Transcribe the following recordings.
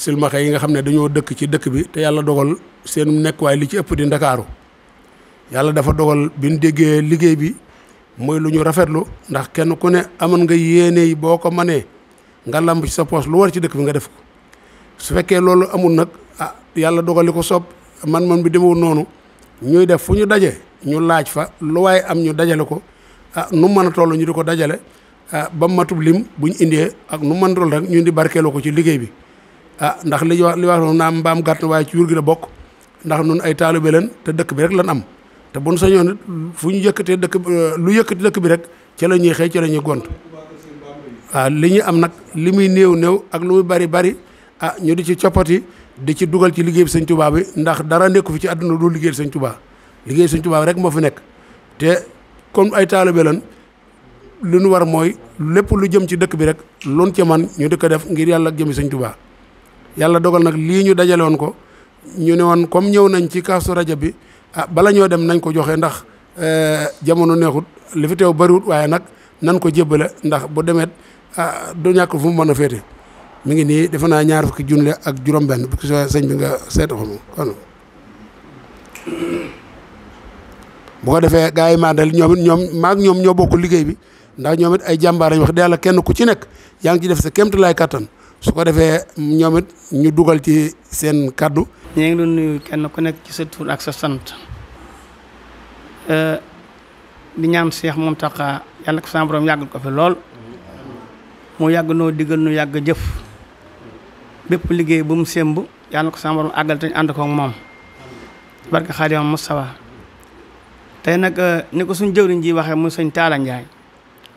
silmaxa yi nga xam ne dañoo dëkk ci dëkk bi te yàlla dogal seen nekkuwaay li ci ëpp di ndakaaru yàlla dafa dogal bi déggee liggéey bi mooy lu ñu rafetlu ndax kenn ku ne amoon nga yéene boo ko manee nga lamb ci sa poos lu war ci dëkk bi nga def ko su fekkee loolu amul nag ah yàlla dogal ko sob man man bi demewul noonu ñuy def fu ñu daje ñu laaj fa lu waaye am ñu dajale ko ah nu mën a toll ñu di ko dajale ah ba matub lim bu ñu indee ak nu mën a rek ñu di barkeeloo ko ci liggéey bi ah ndax li wax li wax noonu mbaam gàtt na waaye ci yur gi la bokk ndax nun ay taalibe lan te dëkk bi rek lan am te bu nu sañoon it fu ñu yëkkatee dëkk eh, lu yëkkati dëkk bi rek ca la ñuy xëy ca la ah, li ñu am nag li muy néew néew ak lu muy bari bari ah ñu di ci coppati di ci dugal ci liggéey bi sëñ Tuubaa bi ndax dara nekku fi ci àdduna du liggéey sañ Tuubaa liggéey sëñ tubaab rek moo fi nekk te comme ay taalibe lan lu nu war mooy lépp lu jëm ci dëkk bi rek loon ca man ñu di ko def ngir yàlla ak jëmi sëñ Tuubaa yàlla dogal nag lii ñu woon ko ñu ne woon comme ñëw nañ ci kaasu rajab bi ah bala ñoo dem nañ ko joxe ndax eh, jamono neexut li fi teew bariwut waaye nag nan ko jébbale ndax bu demet ah du ñàkk fu mu mën a mu ngi nii defe naa ñaar fukki junne ak juróom-benn bu sëñ bi nga seetlu ko kon defee gars yi maa dal ñoom it ñoom maag ñoom ñoo bokk liggéey bi ndax ñoom it ay jàmbaar lañ wax de yàlla kenn ku ci nekk yaa ngi ci def sa kéemtalaay kàttan su ko defee ñoom ñu dugal ci seen kàddu ñu ngi doon nuyu kenn ku nekk ci sa tur ak sa sant di ñaan Seex Muntaxa yàlla ko sama borom ko fi lool mu yàgg noo diggal nu yàgg jëf bépp liggéey ba mu semb yàlla ko sama borom àggal te ñu ànd ko moom nag ni ko suñ jëwriñ ji waxee muy sëñ Taala Njaay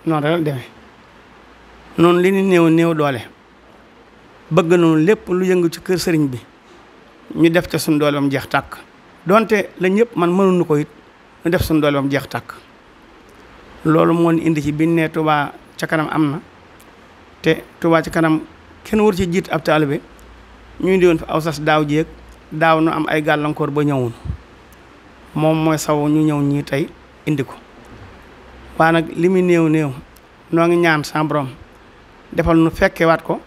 noonu rek demee noonu li ñu néew néew doole bëgg nañu lépp lu yëngu ci kër sëriñ bi ñu def ca suñu doole jeex tàkk donte la ñëpp man mënuñu ko it ñu def suñu doole jeex tàkk loolu moo indi ci biñ ne Touba ca kanam am na te Touba ca kanam kenn war ci jiit ab taalibe ñu indi woon fi aw sas daaw jéeg daaw nu am ay gàllankoor ba ñëwoon moom mooy saw ñu ñëw ñii tey indi ko waa nag li muy néew néew noo ngi ñaan sa borom defal nu fekke waat ko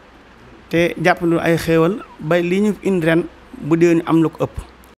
te jàpp ay xéewal bay li ñu indi ren bu dee ñu am lu ko ëpp